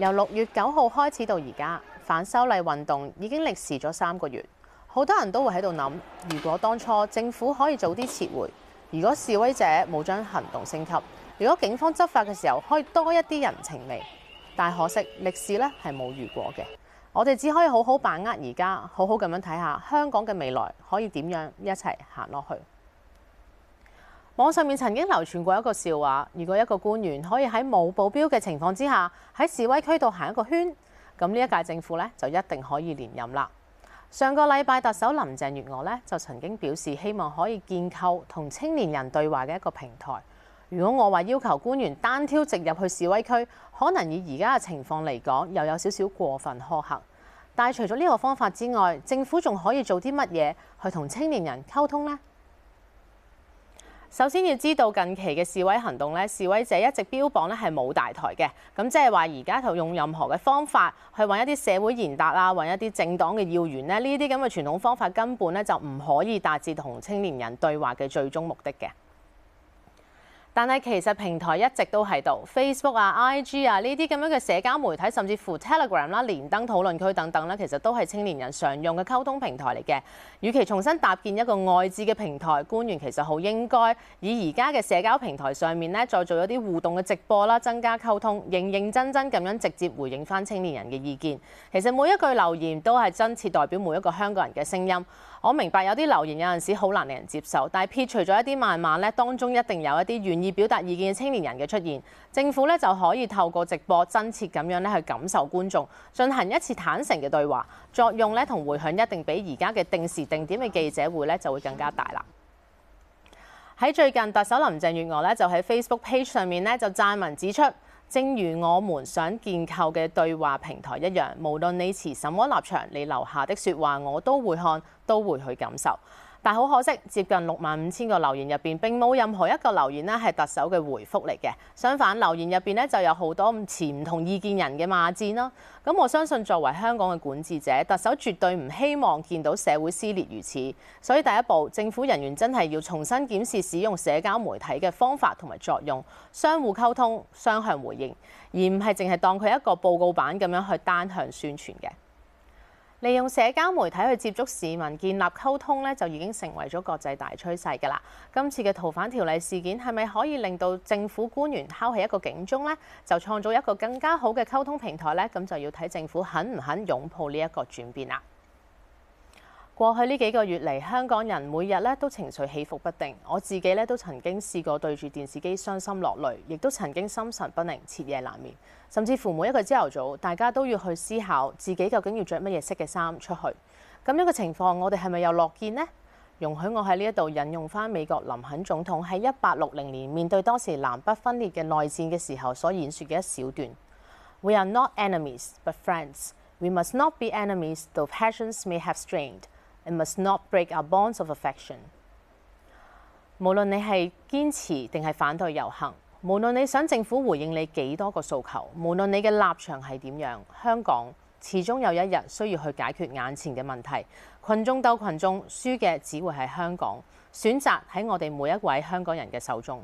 由六月九號開始到而家，反修例運動已經歷時咗三個月，好多人都會喺度諗：如果當初政府可以早啲撤回；如果示威者冇將行動升級；如果警方執法嘅時候可以多一啲人情味。但可惜，歷史咧係冇如果嘅，我哋只可以好好把握而家，好好咁樣睇下香港嘅未來可以點樣一齊行落去。網上面曾經流傳過一個笑話，如果一個官員可以喺冇保鏢嘅情況之下喺示威區度行一個圈，咁呢一屆政府咧就一定可以連任啦。上個禮拜特首林鄭月娥呢就曾經表示希望可以建構同青年人對話嘅一個平台。如果我話要求官員單挑直入去示威區，可能以而家嘅情況嚟講又有少少過分苛刻。但係除咗呢個方法之外，政府仲可以做啲乜嘢去同青年人溝通呢？首先要知道近期嘅示威行動咧，示威者一直標榜咧係冇大台嘅，咁即係話而家就用任何嘅方法去揾一啲社會賢達啊，揾一啲政黨嘅要員咧，呢啲咁嘅傳統方法根本咧就唔可以達至同青年人對話嘅最終目的嘅。但係其實平台一直都喺度，Facebook 啊、IG 啊呢啲咁樣嘅社交媒體，甚至乎 Telegram 啦、啊、連登討論區等等呢其實都係青年人常用嘅溝通平台嚟嘅。與其重新搭建一個外置嘅平台，官員其實好應該以而家嘅社交平台上面呢再做一啲互動嘅直播啦，增加溝通，認認真真咁樣直接回應返青年人嘅意見。其實每一句留言都係真切代表每一個香港人嘅聲音。我明白有啲留言有陣時好難令人接受，但係撇除咗一啲謾罵呢，當中一定有一啲願意。以表達意見嘅青年人嘅出現，政府咧就可以透過直播真切咁樣咧去感受觀眾，進行一次坦誠嘅對話，作用咧同回響一定比而家嘅定時定點嘅記者會咧就會更加大啦。喺最近特首林鄭月娥咧就喺 Facebook page 上面咧就撰文指出，正如我們想建構嘅對話平台一樣，無論你持什麼立場，你留下的説話我都會看，都會去感受。但好可惜，接近六萬五千個留言入邊並冇任何一個留言咧係特首嘅回覆嚟嘅。相反，留言入邊咧就有好多唔持唔同意見人嘅罵戰啦。咁我相信作為香港嘅管治者，特首絕對唔希望見到社會撕裂如此。所以第一步，政府人員真係要重新檢視使用社交媒體嘅方法同埋作用，相互溝通、雙向回應，而唔係淨係當佢一個報告板咁樣去單向宣傳嘅。利用社交媒體去接觸市民、建立溝通呢，就已經成為咗國際大趨勢㗎啦。今次嘅逃犯條例事件係咪可以令到政府官員敲起一個警鐘呢？就創造一個更加好嘅溝通平台呢，咁就要睇政府肯唔肯擁抱呢一個轉變啦。過去呢幾個月嚟，香港人每日咧都情緒起伏不定。我自己咧都曾經試過對住電視機傷心落淚，亦都曾經心神不寧、徹夜難眠。甚至乎每一個朝頭早，大家都要去思考自己究竟要着乜嘢色嘅衫出去。咁樣嘅情況，我哋係咪又樂見呢？容許我喺呢一度引用返美國林肯總統喺一八六零年面對當時南北分裂嘅內戰嘅時候所演説嘅一小段：We are not enemies, but friends. We must not be enemies, though passions may have strained. It must not break our bonds of affection。無論你係堅持定係反對遊行，無論你想政府回應你幾多個訴求，無論你嘅立場係點樣，香港始終有一日需要去解決眼前嘅問題。群眾鬥群眾，輸嘅只會係香港。選擇喺我哋每一位香港人嘅手中。